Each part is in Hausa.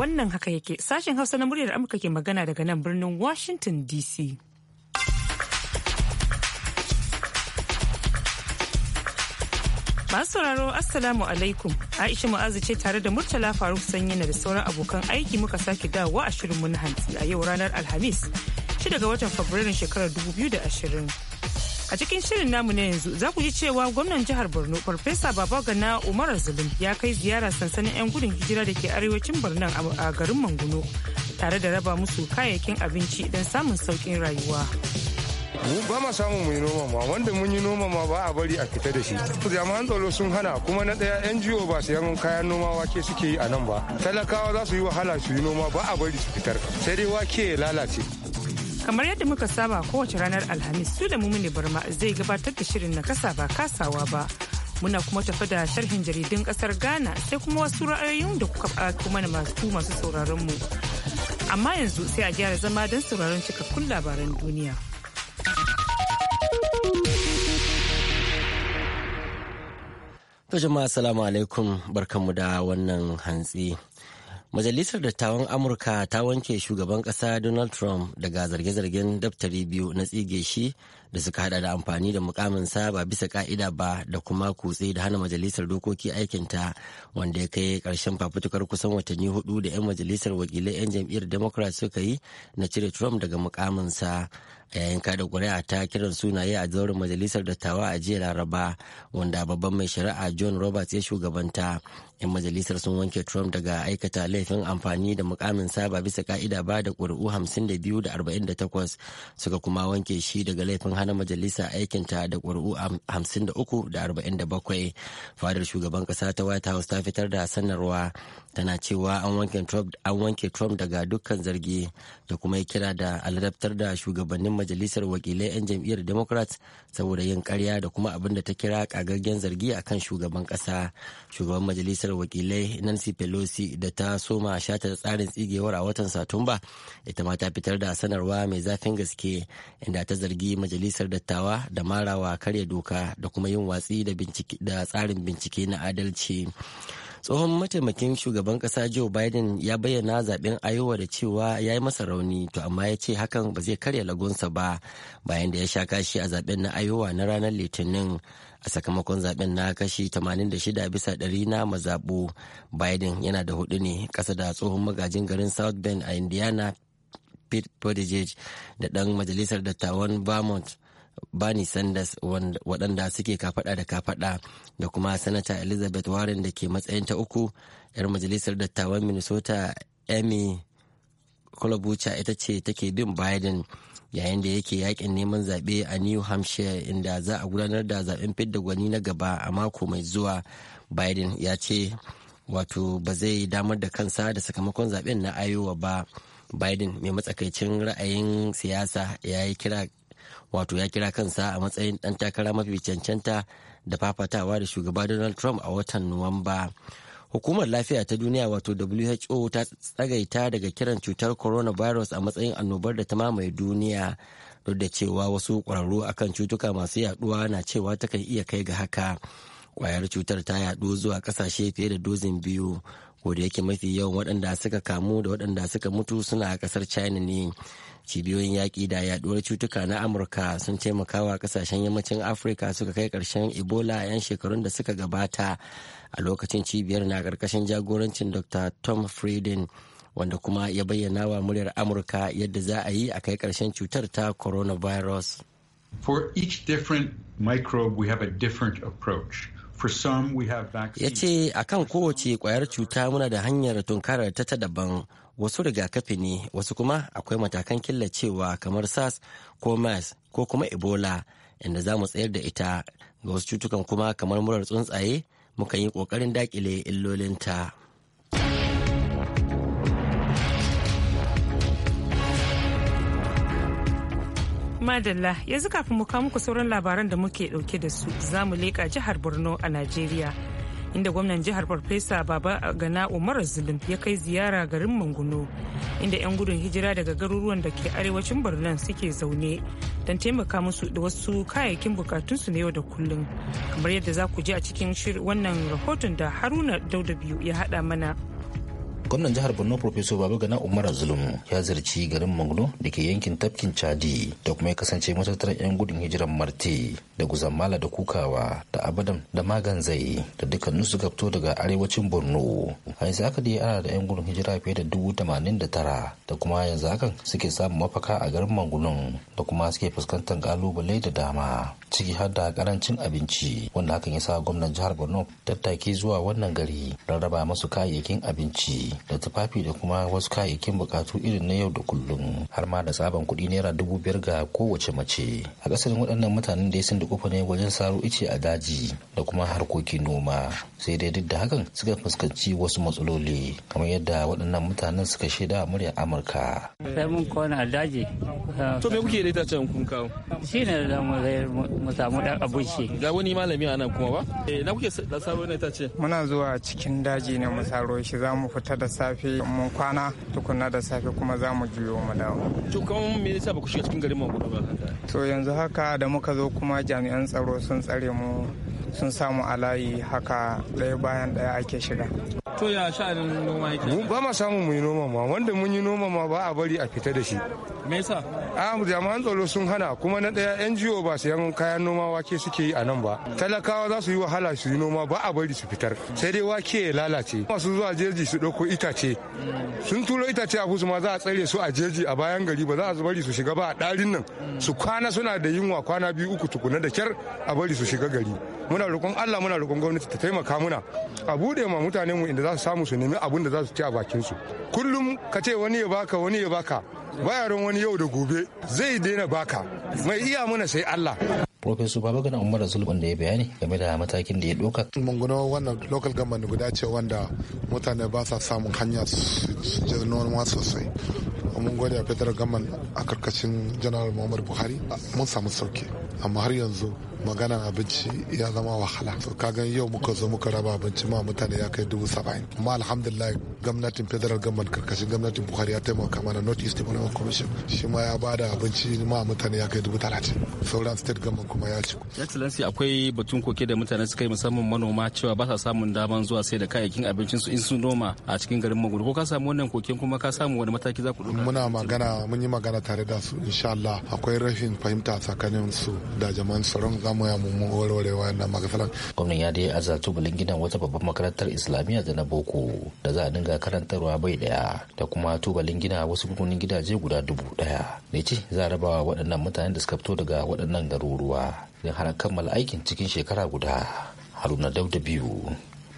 wannan haka yake sashen hausa na muryar amurka ke magana daga nan birnin washington dc masu sauraro assalamu alaikum aisha mu'azu ce tare da murtala faruk sanyi da sauran abokan aiki muka sake dawowa a shirin munhanti a yau ranar alhamis 6 ga watan fabrairun shekarar 2020 a cikin shirin namu na yanzu za ku ji cewa gwamnan jihar borno farfesa babagana umar zulum ya kai ziyara sansanin 'yan gudun hijira da ke arewacin borno a garin manguno tare da raba musu kayayyakin abinci don samun saukin rayuwa ba ma samu mu yi noma ma wanda mun yi noma ma ba a bari a fita da shi jami'an tsaro sun hana kuma na ɗaya ngo ba su yan kayan noma wake suke yi a nan ba talakawa za su yi wahala su yi noma ba a bari su fitar sai dai wake ya lalace kamar yadda muka saba kowace ranar alhamis su da mumuni barma zai gabatar da shirin na kasa ba kasawa ba muna kuma tafi da sharhin jaridun kasar ghana sai kuma wasu ra'ayoyin da kuka kuma na masu masu sauraron mu amma yanzu sai a gyara zama don sauraron cikakkun labaran duniya to jama'a salamu alaikum barkanmu da wannan hantsi Majalisar Dattawan Amurka ta wanke shugaban ƙasa Donald Trump daga zarge-zargen daftari biyu na tsige shi da suka hada da amfani da mukaminsa ba bisa ka'ida ba da kuma kutse da hana majalisar dokoki aikinta wanda ya kai ƙarshen fafutukar kusan watanni hudu da 'yan majalisar wakilai 'yan jam'iyyar Democrat suka yi na cire Trump daga mukaminsa. yayin kada kuri'a ta kiran sunaye a zauren majalisar dattawa a jiya laraba wanda babban mai shari'a john roberts ya shugabanta yan majalisar sun wanke trump daga aikata laifin amfani da mukamin saba bisa ka'ida ba da kuri'u 52 da 48 suka kuma wanke shi daga laifin hana majalisa aikinta da kuri'u 53 da 47 fadar shugaban kasa ta white house ta fitar da sanarwa tana cewa an wanke trump daga dukkan zargi da kuma ya kira da aladabtar da shugabannin majalisar wakilai 'yan jam'iyyar democrats saboda yin karya da kuma abin da ta kira kagaggen zargi a kan shugaban kasa shugaban majalisar wakilai nancy pelosi da ta soma shata tsarin tsigewar a watan satumba ita ma ta fitar da sanarwa mai zafin gaske inda ta zargi majalisar dattawa da marawa karya doka da kuma yin watsi da tsarin bincike na adalci tsohon mataimakin shugaban kasa joe biden ya bayyana zaben iowa da cewa ya yi masa rauni to amma ya ce hakan ba zai karya lagunsa ba bayan da ya sha kashi a zaben na iowa na ranar litinin a sakamakon zaben na kashi 86 bisa ɗari na mazaɓu biden yana da hudu ne kasa da tsohon magajin garin south bend a indiana pete buttigieg da ɗan majalisar dattawan vermont Bernie Sanders waɗanda suke kafaɗa da kafaɗa da kuma Sanata Elizabeth Warren da ke matsayin ta uku 'yar majalisar dattawan Minnesota Amy Klobuchar ita ce take bin Biden yayin da yake yakin neman zaɓe a New Hampshire inda za a gudanar da zaɓen fidda gwani na gaba a mako mai zuwa Biden ya ce wato ba zai damar da kansa da sakamakon zaɓen na Iowa ba. Biden mai matsakaicin ra'ayin siyasa ya yi kira wato ya kira kansa a matsayin ɗan takara mafi cancanta da fafatawa da shugaba donald trump a watan nuwamba hukumar lafiya ta duniya wato who ta tsagaita daga kiran cutar coronavirus a matsayin annobar da ta mamaye duniya duk da cewa wasu ƙwararru akan cutuka masu yaduwa na cewa takan iya kai ga haka kwayar cutar ta yadu zuwa ƙasashe fiye da dozin biyu ko yake mafi yawan waɗanda suka kamu da waɗanda suka mutu suna a ƙasar china ne cibiyoyin yaƙi da yaɗuwar cutuka na amurka sun taimakawa ƙasashen yammacin afirka suka kai ƙarshen ebola a 'yan shekarun da suka gabata a lokacin cibiyar na ƙarƙashin jagorancin dr tom frieden wanda kuma ya bayyana wa muryar amurka yadda za a yi a kai ƙarshen cutar ta coronavirus. For each different microbe, we have a different approach. Ya ce a kan kowace kwayar cuta muna da hanyar tunkarar ta ta daban wasu rigakafi ne wasu kuma akwai matakan killacewa kamar SARS ko MERS ko kuma Ebola inda za mu tsayar da ita ga wasu cutukan kuma kamar murar tsuntsaye muka yi ƙoƙarin daƙile illolinta. Madalla yanzu kafin mu kawo muku sauran labaran da muke dauke da su za mu leƙa jihar Borno a Najeriya. Inda gwamnan jihar Farfesa Baba Gana Umar Zulum ya kai ziyara garin Manguno inda 'yan gudun hijira daga garuruwan da ke arewacin Borno suke zaune don taimaka musu da wasu kayayyakin bukatunsu na yau da kullum. Kamar yadda za ku ji a cikin wannan rahoton da Haruna Dauda biyu ya haɗa mana. gwamnan jihar borno professor babagana umar zulum ya zarci garin magno da ke yankin tafkin chadi da kuma ya kasance matattarar 'yan gudun hijiran marti da guzamala da kukawa da abadam da maganzai da dukkanin su gabto daga arewacin borno a yanzu haka dai ana da 'yan gudun hijira fiye da dubu tamanin da tara da kuma yanzu hakan suke samun mafaka a garin mangunun da kuma suke fuskantar kalubale da dama ciki har da karancin abinci wanda hakan ya sa gwamnan jihar borno tattaki zuwa wannan gari don raba masu kayayyakin abinci da tufafi da kuma wasu kayayyakin bukatu irin na yau da kullum har ma da tsaban kuɗi naira dubu biyar ga kowace mace a ƙasar waɗannan mutanen da ya sun da kofa ne wajen saro ice a daji da kuma harkokin noma sai dai duk da hakan suka fuskanci wasu matsaloli kamar yadda waɗannan mutanen suka shaida a muryar amurka. sai mun kona daji. to me kuke da itacen kun kawo. shi ne da mu samu ɗan abinci. ga wani malami a nan kuma ba. Eh, na kuke saro na itace. muna zuwa cikin daji ne mu saro shi za mu fita da safe mun kwana tukunna da safe kuma za mu juyo mu dawo. To kan me yasa ba ku shiga cikin garin Magudu ba? To yanzu haka da muka zo kuma jami'an tsaro sun tsare mu sun samu alayi haka ɗaya bayan ɗaya ake shiga to ya sha'anin noma yake ba ma samu mu yi noma ma wanda mun yi noma ma ba a bari a fita da shi me yasa a jami'an tsaro sun hana kuma na ɗaya NGO ba su yan kayan noma wake suke yi a nan ba talakawa za su yi wahala su yi noma ba a bari su fitar sai dai wake ya lalace masu zuwa jeji su ɗauko itace sun turo itace a kusa ma za a tsare su a jeji a bayan gari ba za a bari su shiga ba a ɗarin nan su kwana suna da yunwa kwana biyu uku tukuna da kyar a bari su shiga gari muna roƙon Allah muna roƙon gwamnati ta taimaka muna a bude ma mutane mu inda za su samu su nemi abin da za su ci a bakin su kullum ka ce wani ya baka wani ya baka bayaran wani yau da gobe zai daina baka mai iya mana sai Allah Baba Gana Umar Zulban da ya bayani game da matakin da ya doka. Mun wannan local government guda ce wanda mutane ba sa samun hanya su je noma sosai. Mun gode a federal government a karkashin General Muhammadu Buhari mun samu sauki. Amma har yanzu maganan abinci ya zama wahala to kagan yau muka zo muka raba abinci ma mutane ya kai dubu saba'in amma alhamdulillah gwamnatin federal government karkashin gwamnatin buhari ya taimaka mana north east development commission shi ma ya bada abinci ma mutane ya kai dubu talatin sauran state government kuma ya ci excellency akwai batun koke da mutane suka yi musamman manoma cewa ba sa samun daman zuwa sai da kayayyakin abincin su in sun noma a cikin garin magudu ko ka samu wannan koken kuma ka samu wani mataki za ku ɗauka muna magana mun yi magana tare da su insha Allah akwai rashin fahimta tsakanin su da jama'an tsaron za ya mu warware wannan magasalan. Gwamnan ya dai aza tubulin gidan wata babbar makarantar Islamiyya da na Boko da za a dinga karantarwa bai daya da kuma tubalin gina wasu gungunin gidaje guda dubu daya. Ne ce za a rabawa waɗannan mutanen da suka fito daga waɗannan garuruwa don hana kammala aikin cikin shekara guda. Haruna Dauda biyu,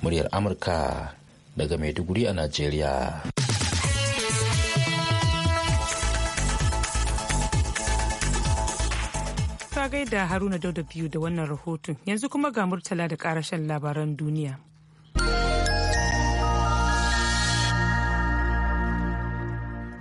muryar Amurka daga Maiduguri a Najeriya. gaida Haruna Dauda biyu da wannan rahoton yanzu kuma ga Murtala da karashen labaran duniya.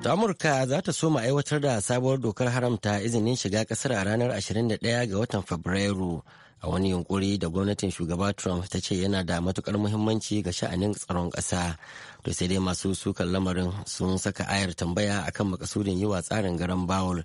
ta amurka za ta soma aiwatar da sabuwar dokar haramta izinin shiga kasar a ranar 21 ga watan fabrairu a wani yunkuri da gwamnatin shugaba trump ta ce yana da matukar muhimmanci ga sha'anin tsaron ƙasa to sai dai masu sukan lamarin sun saka ayar tambaya akan makasudin yi wa tsarin garan bawul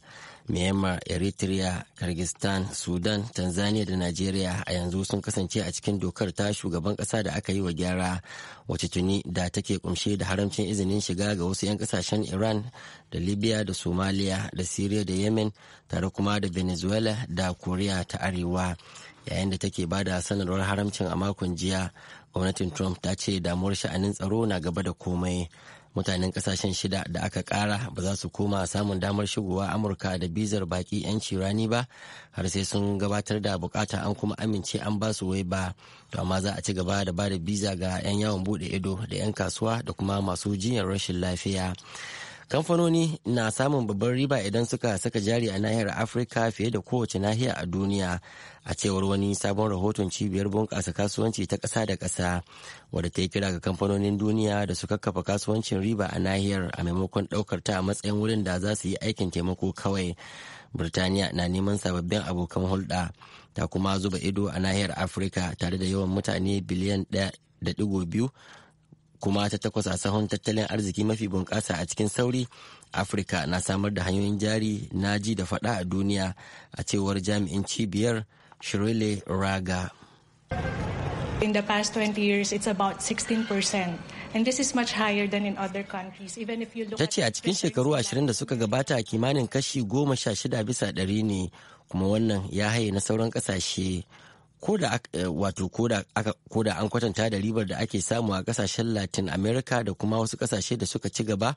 myanmar eritrea kyrgyzstan sudan tanzania da nigeria a yanzu sun kasance a cikin dokar ta shugaban ƙasa da aka yi wa gyara wacce tuni da take kumshe da haramcin izinin shiga ga wasu 'yan kasashen iran da libya da somalia da syria da yemen tare kuma da venezuela da korea ta arewa yayin da take bada sanarwar haramcin a makon jiya gwamnatin trump ta ce damuwar sha'anin tsaro na gaba da komai mutanen kasashen shida da aka kara ba za su koma samun damar shigowa amurka da bizar baki 'yanci rani ba har sai sun gabatar da bukata an kuma amince an ba su wai ba to amma za a ci gaba da ba da biza ga 'yan yawon bude ido da 'yan kasuwa da kuma masu jinyar rashin lafiya kamfanoni na samun babban riba idan suka saka jari a nahiyar afirka fiye da kowace nahiya a duniya a cewar wani sabon rahoton cibiyar bunƙasa kasuwanci ta ƙasa da ƙasa wadda ta yi kira ga kamfanonin duniya da su kakkafa kasuwancin riba a nahiyar a maimakon ɗaukar ta a matsayin wurin da za su yi aikin taimako kawai Birtaniya na neman sababbin abokan hulɗa ta kuma zuba ido a nahiyar Afirka tare da yawan mutane biliyan ɗaya da biyu kuma ta takwas a sahun tattalin arziki mafi bunƙasa a cikin sauri afirka na samar da hanyoyin jari na ji da faɗa a duniya a cewar jami'in cibiyar shirile raga In the past 20 years, it's about 16%. And this is much higher than in other countries. Even if you look Ta ce a cikin shekaru 20 da suka gabata kimanin kashi 16 bisa ɗari ne, kuma wannan ya haye na sauran ƙasashe. Eh, ko da an kwatanta da ribar da ake samu a kasashen latin america da kuma wasu kasashe da suka ci gaba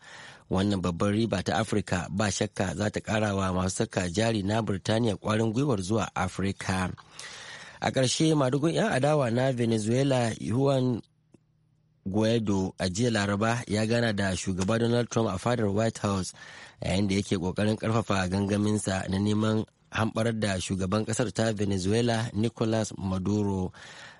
wannan babbar riba ta afirka ba shakka za ta karawa masu saka jari na birtaniya kwarin gwiwar zuwa afirka a ƙarshe madugun 'yan adawa na venezuela juan guaido a jiya laraba ya gana da shugaba donald trump a fadar white house yayin da yake kokarin karfafa gangaminsa na neman hamɓarar da shugaban ƙasar ta venezuela nicolas maduro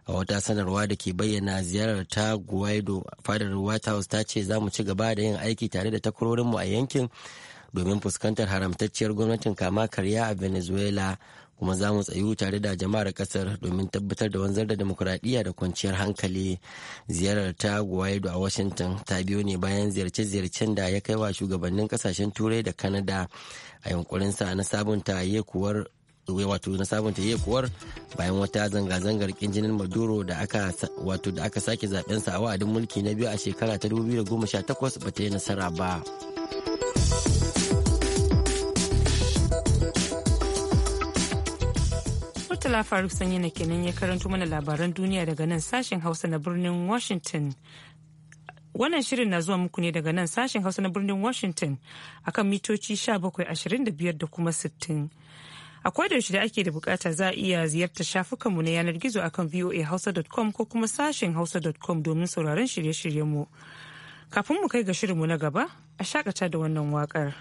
a wata sanarwa da ke bayyana ziyarar ta guaido fadar white house ta ce za mu ci gaba da yin aiki tare da takwarorinmu a yankin domin fuskantar haramtacciyar gwamnatin kama karya a venezuela kuma za mu tsayu tare da jama'ar kasar domin tabbatar da wanzar da demokuraɗiyya da kwanciyar hankali ziyarar ta guaido a washington ta biyo ne bayan ziyarce-ziyarcen da ya kai wa shugabannin kasashen turai da kanada a sa na sabunta yekuwar wato na sabunta yekuwar bayan wata zanga-zangar kin jinin maduro da aka wato da aka sake zaben sa a wa'adin mulki na biyu a shekara ta 2018 ba ta yi nasara ba. Murtala Faruk Sanyi na kenan ya karanto mana labaran duniya daga nan sashen Hausa na birnin Washington. Wannan shirin na zuwa muku ne daga nan sashen Hausa na birnin Washington akan mitoci 1725 da kuma 60. A yaushe da ake da bukata za a iya ziyartar shafukanmu na yanar gizo akan voahausa.com ko kuma sashen hausa.com domin sauraron shirye-shiryenmu. Kafin mu kai ga shirinmu na gaba, a shakata da wannan wakar.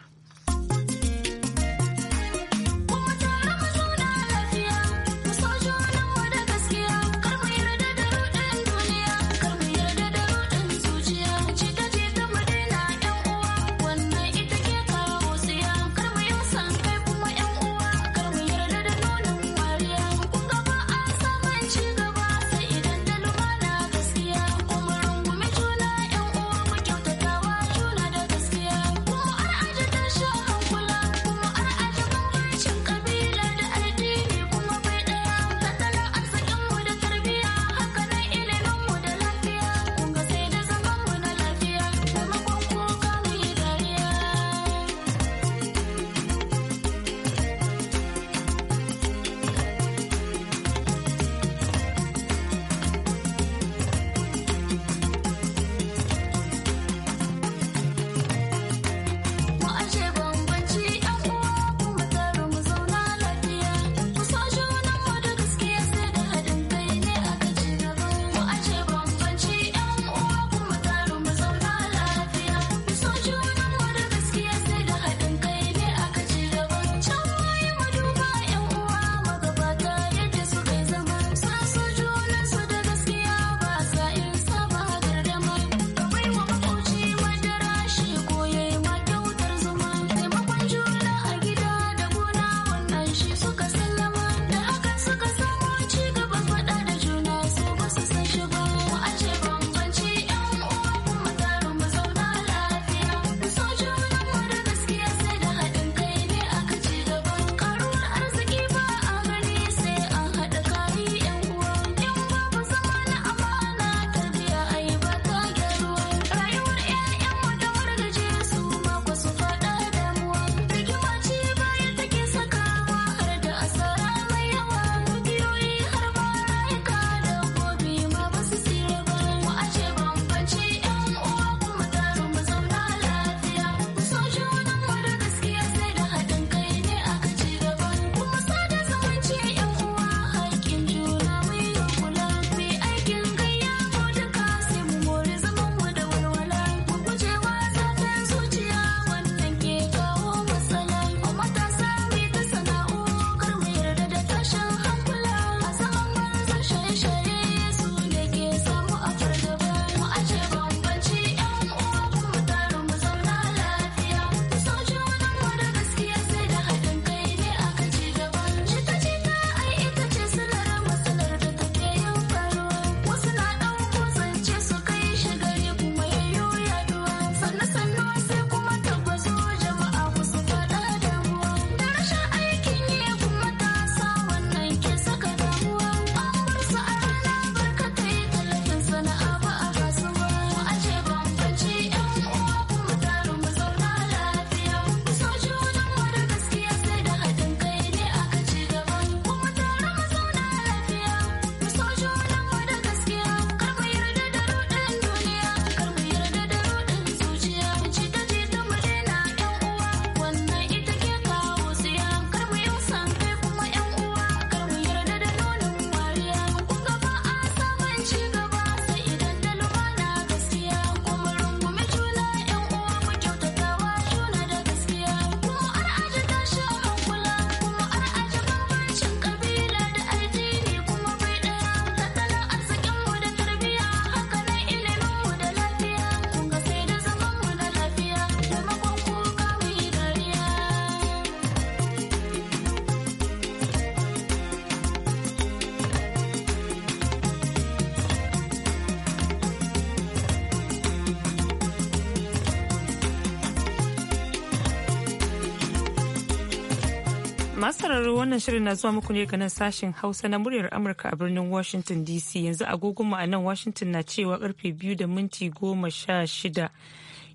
masu wannan shirin na zuwa muku ne ga nan sashen hausa na muryar amurka a birnin washington dc yanzu agogonmu a nan washington na cewa karfe biyu da minti goma sha shida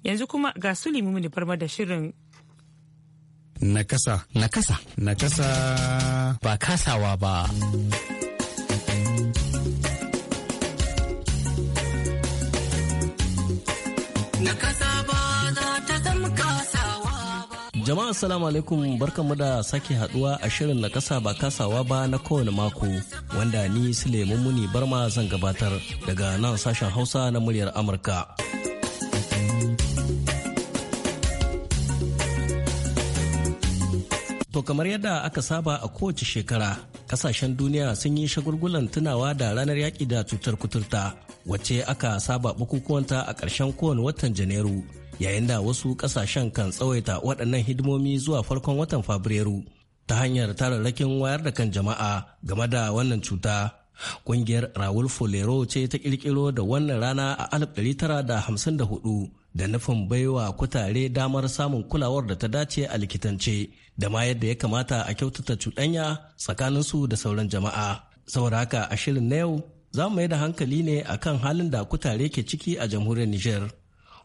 yanzu kuma ga sulimi limimi farma da shirin nakasa nakasa nakasa ba kasawa ba nakasa Jama'a assalamu alaikum barkanmu da sake haduwa a shirin na kasa ba kasawa ba na kowane mako wanda ni Suleiman Muni Barma zan gabatar daga nan sashen Hausa na muryar Amurka. To kamar yadda aka saba a kowace shekara, kasashen duniya sun yi shagulgulan tunawa da ranar yaƙi da cutar kuturta, wacce aka saba bukukuwanta a ƙarshen kowane watan Janairu. yayin da wasu kasashen kan tsawaita waɗannan hidimomi zuwa farkon watan fabrairu ta hanyar tararrakin wayar da kan jama'a game da wannan cuta Ƙungiyar Raul Folero ce ta ƙirƙiro da wannan rana a ɗari tara da hamsin da Da hudu. nufin baiwa kutare damar samun kulawar da ta dace a likitance da ma yadda ya kamata a kyautata cuɗanya tsakaninsu da sauran jama'a. Saboda haka a shirin na yau za mu mai da hankali ne akan halin da kutare ke ciki a jamhuriyar Nijar.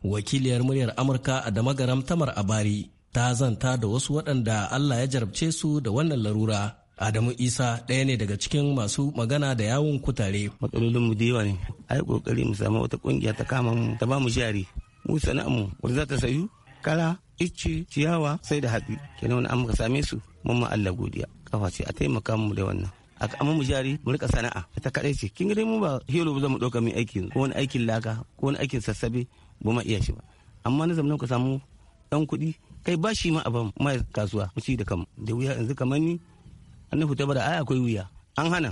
wakiliyar muryar amurka a damagaram tamar abari ta zanta da wasu waɗanda allah ya jarabce su da wannan larura Adamu Isa ɗaya ne daga cikin masu magana da yawon kutare. Matsalolin mu da yawa ne. Ai kokari mu samu wata kungiya ta kama mu ta ba mu jari. Mu sana'a wani wanda za ta sayu kala, icce, ciyawa sai da hatsi. Kenan wani an muka same su mun ma Allah godiya. Kafa ce a taimaka mu da wannan. a kama mu jari mu rika sana'a ta kaɗai ce kin gani mu ba hero ba zamu ɗauka min aikin ko wani aikin laka ko wani aikin sassabe ba ma iya shi ba amma na zamanin ka samu dan kuɗi kai ba shi ma a mai kasuwa mu da kam da wuya yanzu kamar ni an ba da ai akwai wuya an hana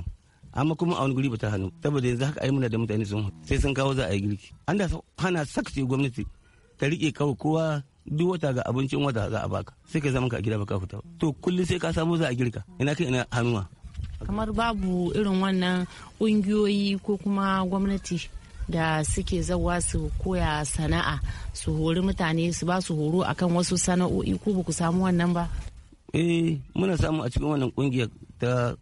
amma kuma a wani guri ba ta hannu saboda yanzu haka ai muna da mutane sun sai sun kawo za a yi girki an da hana sakce gwamnati ta rike kawai kowa duk wata ga abincin wata za a baka sai ka zama ka gida baka fita to kullum sai ka samu za a girka ina kai ina hannuwa kamar babu irin wannan ƙungiyoyi ko kuma gwamnati da suke zawa su koya sana'a su hori mutane su ba su horo akan wasu sana'o'i ko ba ku samu wannan ba eh muna samu a cikin wannan kungiya ta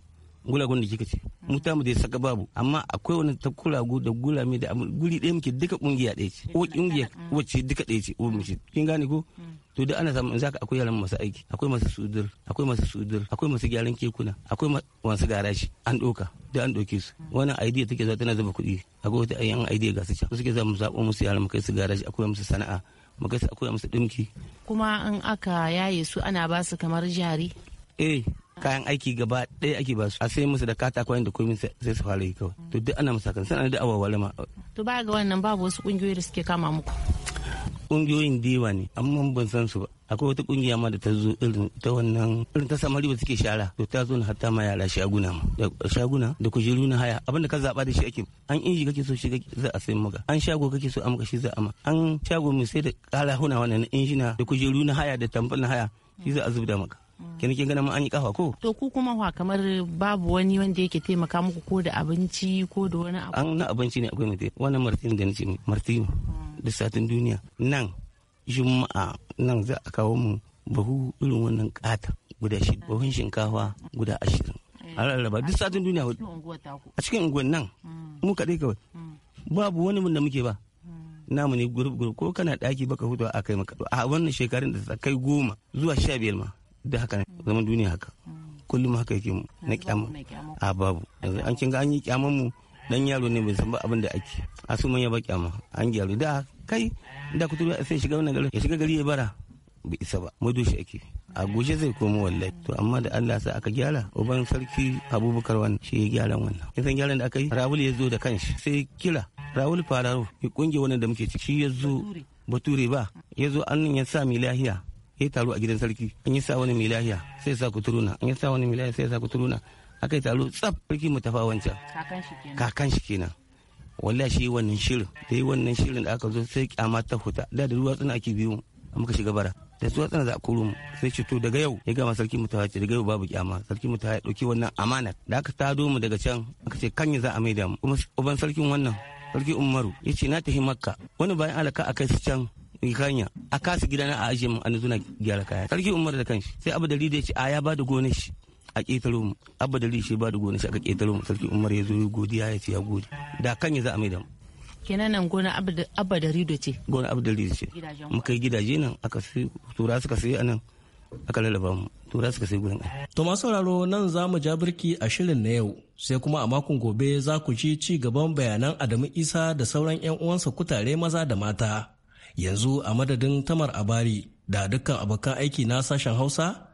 gulagun da kika ce mu ta mu da saka babu amma akwai wani ta kulagu da gulame da guri ɗaya muke duka kungiya ɗaya ce ko kungiya wacce duka ɗaya ce o ce kin gane ko to duk ana samu in zaka akwai yaran masu aiki akwai masu sudur akwai masu sudur akwai masu gyaran kekuna akwai masu garashi an doka duk an doke su wannan idea take za tana zuba kuɗi akwai wata ayyan idea ga su can suke za mu zaɓo musu yaran mu kai su garashi akwai musu sana'a mu kai su akwai musu dinki kuma in aka yaye su ana ba su kamar jari eh kayan aiki gaba ɗaya ake basu a sai musu da katakwayen da komai sai su fara yi kawai to duk ana musakan sana da awa lama to ba ga wannan babu wasu kungiyoyi da suke kama muku ƙungiyoyin diwa ne amma ban san su ba akwai wata kungiya ma da ta zo irin ta wannan irin ta samari ba suke shara to ta zo na hatta ma yara shaguna ma. da shaguna da kujeru na haya abinda ka zaba da shi ake an inji kake so shi za a sayi maka an shago kake so a maka shi za a ma an shago mai sai da kara huna wannan na injina da kujeru na haya da tamfol na haya shi za a zubda maka kin kene gana ma an yi kafa ko to ku kuma wa kamar babu wani wanda yake taimaka muku ko da abinci ko da wani abu an na abinci ne akwai mutum wannan martini da nace martini lissafin duniya nan juma'a nan za a kawo mu bahu irin wannan kata guda shi bahun shinkafa guda ashirin a eh. rarraba duk satin duniya a cikin unguwan nan mm. mu kaɗai kawai mm. babu wani mun da muke ba mm. namu ne gurup gurup ko kana ɗaki baka hutu a kai maka a wannan shekarun da ta kai goma zuwa sha biyar ma da haka zaman duniya haka kullum haka yake mu na kyama a babu an kin ga an yi kyamun mu dan yaro ne bai san ba abin da ake a su manya ba kyama an gyaru da kai da kuturu sai shiga wannan gari. ya shiga gari ya bara bai isa ba maido dushe ake a gushe zai komo wallahi to amma da Allah sa aka gyara uban sarki Abubakar wani shi ya gyaran wannan san gyaran da aka yi Rawul ya zo da kanshi sai kira Rawul Fararo ya kunge wannan da muke ciki shi ya zo Bature ba ya zo annin ya sa mai lahiya ya taru a gidan sarki an yi sa wani mai lahiya sai sa kuturuna an yi sa wani mai lahiya sai sa kuturuna aka yi taro tsaf sarki mutafa wancan kakan shi kenan wallahi shi wannan shirin da yi wannan shirin da aka zo sai kyama ta huta da da tsana ake biyo muka shiga bara da su watsana za a koro mu sai ce to daga yau ya gama sarki mu ce daga yau babu kyama sarki mu ya dauki wannan amana da aka ta mu daga can aka ce kan za a maida mu kuma uban sarkin wannan sarki umaru ya ce na tafi makka wani bayan alaka a kai su can kanya a kasa gidana a ajiye mu an zuna gyara kaya sarki umaru da kanshi sai abu da ya ce a ya bada gonar shi a ƙetaro mu abba da shi ba da gona shi aka ƙetaro mu sarki umar ya zo godiya ya ce ya gode da kan ya za a maida mu kenan nan gona abba da rido ce gona abba da rido ce muka yi gidaje nan aka sai tura suka sai anan aka lalaba mu tura suka sai gurin to masu sauraro nan za mu ja birki a shirin na yau sai kuma a makon gobe za ku ci ci gaban bayanan adamu isa da sauran yan uwansa kutare maza da mata yanzu a madadin tamar abari da dukkan abokan aiki na sashen hausa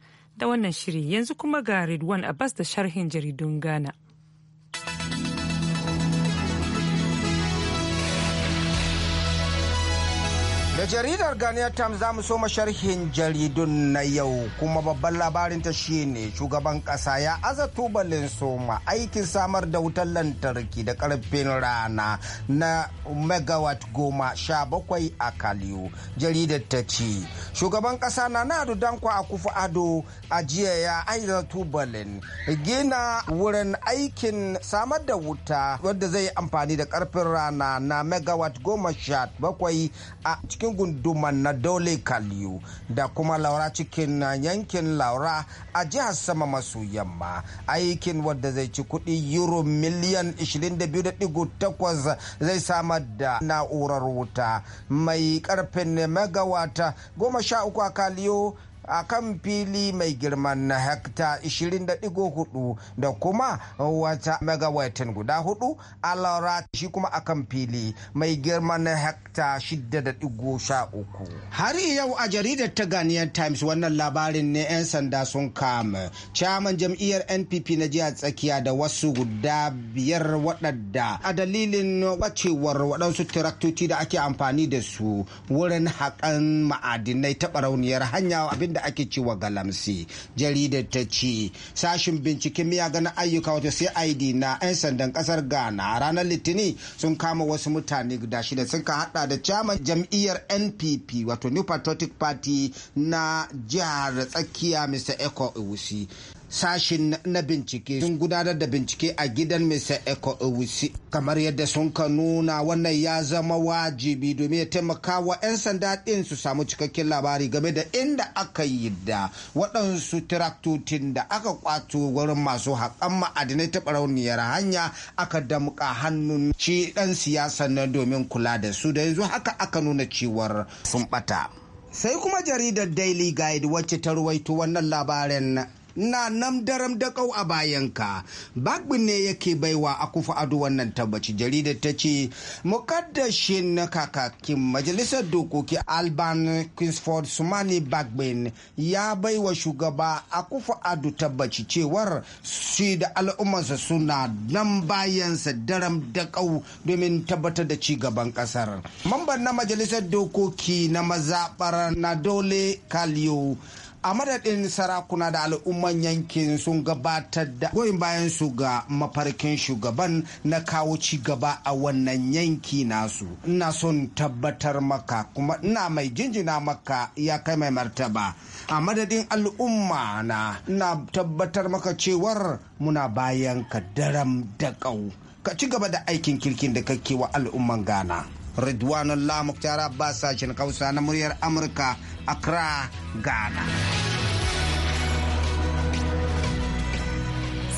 da wannan shiri yanzu kuma ga a bas da sharhin jaridun Ghana. jaridar Ghanaian tam za mu soma sharhin jaridun na yau kuma babban labarin labarinta shine shugaban kasa ya aza tubalin soma aikin samar da wutar lantarki da karfin rana na megawatt goma sha bakwai a Kaliyu. Jaridar ta ce shugaban kasa na nadu dankwa a kufu ado a jiya ya aiza tubalin gina wurin aikin samar da wuta wadda zai amfani da karfin rana na megawatt goma sha bakwai a cikin gunduma na dole kaliyu da kuma laura cikin yankin laura a jihar sama masu yamma aikin wadda zai ci kuɗi euro miliyan 22.8 zai samar da na'urar wuta mai karfin megawata goma sha uku a kaliyo a kan fili mai girman na hekta 20.4 da kuma wata megawatin guda hudu a laura shi kuma a kan fili mai girman na hekta 6.13 har yau a jaridar ta ganiyar times wannan labarin ne 'yan sanda sun kama chairman jam'iyyar npp na jiya tsakiya da wasu guda biyar waɗanda a dalilin wacewar waɗansu taraktoci da ake amfani da su wurin haƙan ma'adinai ta barauniyar hanya abinda da ake cewa galamsi jaridar ta ce sashin binciken miyagan ayyuka wato cid na 'yan sandan kasar ghana ranar litinin sun kama wasu mutane guda shida sun ka hada da chairman jam'iyyar npp wato new patriotic party na jihar tsakiya mr eko iwusi sashin na bincike sun gudanar da bincike a gidan Mr. Eko Owusi. Kamar yadda sun ka nuna wannan ya zama wajibi domin ya taimaka wa 'yan sanda ɗin su samu cikakken labari game da inda aka yi da waɗansu tiraktotin da aka kwato wurin masu haƙan ma'adinai ta barauniyar hanya aka damƙa hannun ci ɗan siyasa na domin kula da su da yanzu haka aka nuna cewar sun ɓata. Sai kuma jaridar Daily Guide wacce ta ruwaito wannan labarin na nan daram da kau a bayanka bagbin ne yake baiwa a kufa ado wannan tabbaci jarida ta ce mukaddashin na kakakin majalisar dokoki alban kingsford sumani bagbin ya baiwa shugaba a kufa ado tabbaci cewar shi da al'ummarsa suna nan bayansa daram da kau domin tabbatar da ci gaban kasar mamban na majalisar dokoki na mazaɓar na dole kaliyo a madadin sarakuna da al'umman yankin sun gabatar da goyon bayan su ga mafarkin shugaban na kawo ci gaba a wannan yanki nasu ina son tabbatar maka kuma ina mai jinjina maka ya kai mai martaba a madadin al'umma na ina tabbatar maka cewar muna bayan ka daram da kau ka ci gaba da aikin kirkin da kake wa al'umman ghana Ridwanullah Mukhtar Abbas sashen Hausa na muryar Amurka Accra, Ghana.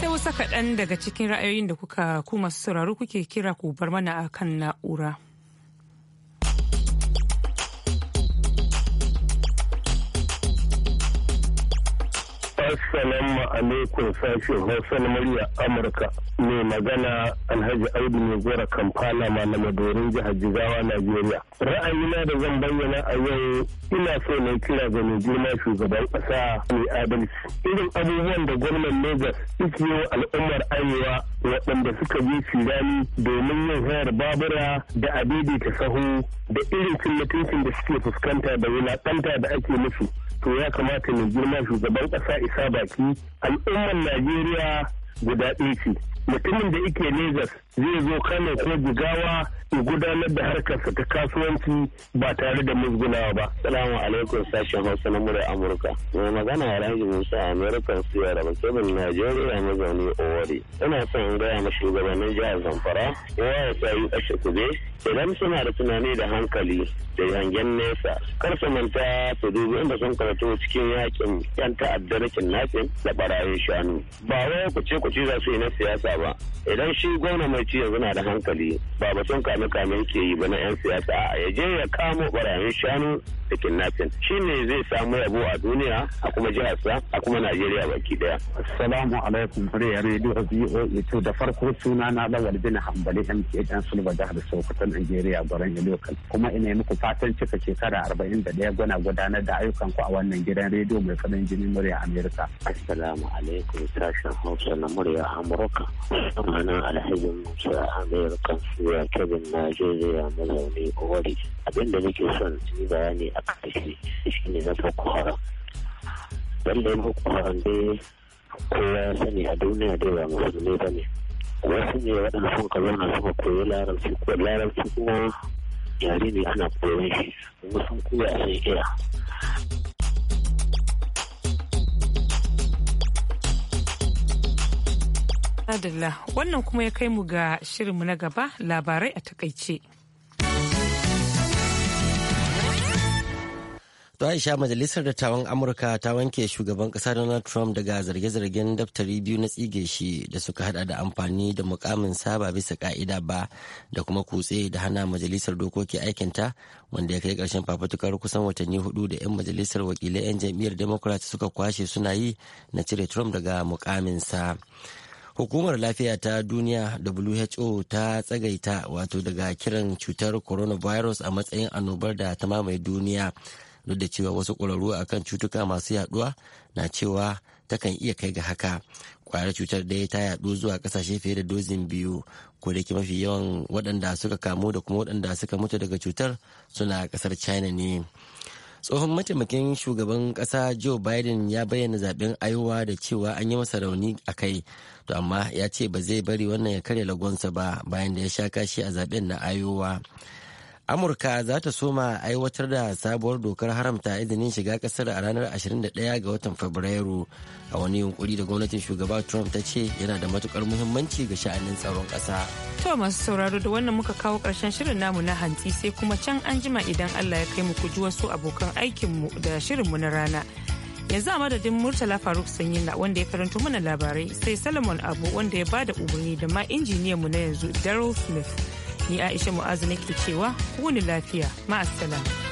Sai wasu kaɗan daga cikin ra'ayoyin da kuka kuma masu sauraro kuke kira ku bar mana a kan na'ura. Assalamu alaikum sashen Hausa na murya Amurka mai magana Alhaji Audu mai gora Kampala malama dorin jihar Jigawa Najeriya. Ra'ayina da zan bayyana a yau ina so na kira ga mai girma shugaban ƙasa mai adalci. Irin abubuwan da gwamnan Lagos suke yi al'ummar Arewa waɗanda suka je cirani domin yin hayar babura da ta sahu da irin cin mutuncin da suke fuskanta da wulaƙanta da ake musu. to ya kamata mai girma shugaban ƙasa isa baki al'ummar najeriya guda ɗaya ce mutumin da yake Legas zai zo Kano ko Jigawa ya gudanar da harkarsa ta kasuwanci ba tare da musgunawa ba. Salamu alaikum sashen Hausa na murar Amurka. Mai magana a rage Musa a ba sai Bakebin Najeriya mazauni Owari. Ina son in gaya ma shugabannin jihar Zamfara yawa ya sayi ashe kube. Idan suna da tunani da hankali da hangen nesa kar su manta su dubi inda sun karatu cikin yakin yan ta'addarakin na da barayin shanu. Ba wai kuce kuce za su yi na siyasa ba idan shi gwamna mai ci yanzu na da hankali ba batun kame kame yake yi ba na yan siyasa ya je ya kamo barayin shanu da kidnapping shi ne zai samu yabo a duniya a kuma sa a kuma najeriya baki daya assalamu alaikum fure radio voa to da farko suna na lawal bin hambali mk dan sulba jihar sokoto najeriya gwaran ilokal kuma ina yi muku fatan cika shekara arba'in da daya gwana gudanar da ayyukan ku a wannan gidan rediyo mai faɗin jini murya amerika assalamu alaikum sashen hausa na murya amurka mana alhajin musa amir kansu ya kebin najeriya mazauni abin da nake son yi bayani a shi shine na boko haram da boko haram dai kowa ya sani a duniya dai ba musulmi ba ne wasu ne waɗanda sun ka zauna suka koyi larabci ko larabci kuma yare ne ana koyon shi kuma sun koya a san iya Adalla wannan kuma ya kai mu ga shirinmu na gaba labarai a takaice. Aisha Majalisar Dattawan Amurka ta wanke shugaban kasa Donald Trump daga zarge-zargen daftari biyu na tsige shi da suka hada da amfani da mukamin saba bisa ka'ida ba da kuma kutse da hana majalisar dokoki aikinta wanda ya kai karshen fafutukar kusan watanni hudu da 'yan majalisar wakilai 'yan jam'iyyar Democrat suka kwashe suna yi na cire Trump daga mukaminsa. sa. hukumar lafiya ta duniya who ta tsagaita wato daga kiran cutar coronavirus a matsayin annobar da ta mamaye duniya duk da cewa wasu ƙwararru kan cutuka masu yaduwa na cewa takan iya kai ga haka kwayar cutar dai ta yadu zuwa kasashe fiye da dozin biyu ko da ke mafi yawan waɗanda suka kamu da kuma waɗanda suka mutu daga cutar suna ƙasar china ne tsohon mataimakin shugaban kasa joe biden ya bayyana zaben ayuwa da cewa an yi masa rauni a kai to amma ya ce ba zai bari wannan ya karya lagonsa ba bayan da ya sha kashi a zaben na ayuwa. amurka za ta soma aiwatar da sabuwar dokar haramta izinin shiga kasar a ranar 21 ga watan fabrairu a wani yunkuri da gwamnatin shugaba trump ta ce yana da matukar muhimmanci ga sha'anin tsaron kasa to masu sauraro da wannan muka kawo karshen shirin namu na hantsi sai kuma can an jima idan allah ya kai mu ku ji wasu abokan aikinmu da shirinmu na rana yanzu a madadin murtala faruk sanyina wanda ya karanto mana labarai sai salomon abu wanda ya bada umarni da ma injiniyanmu na yanzu daryl smith ni aisha mu'azu nake cewa ku ni lafiya salama.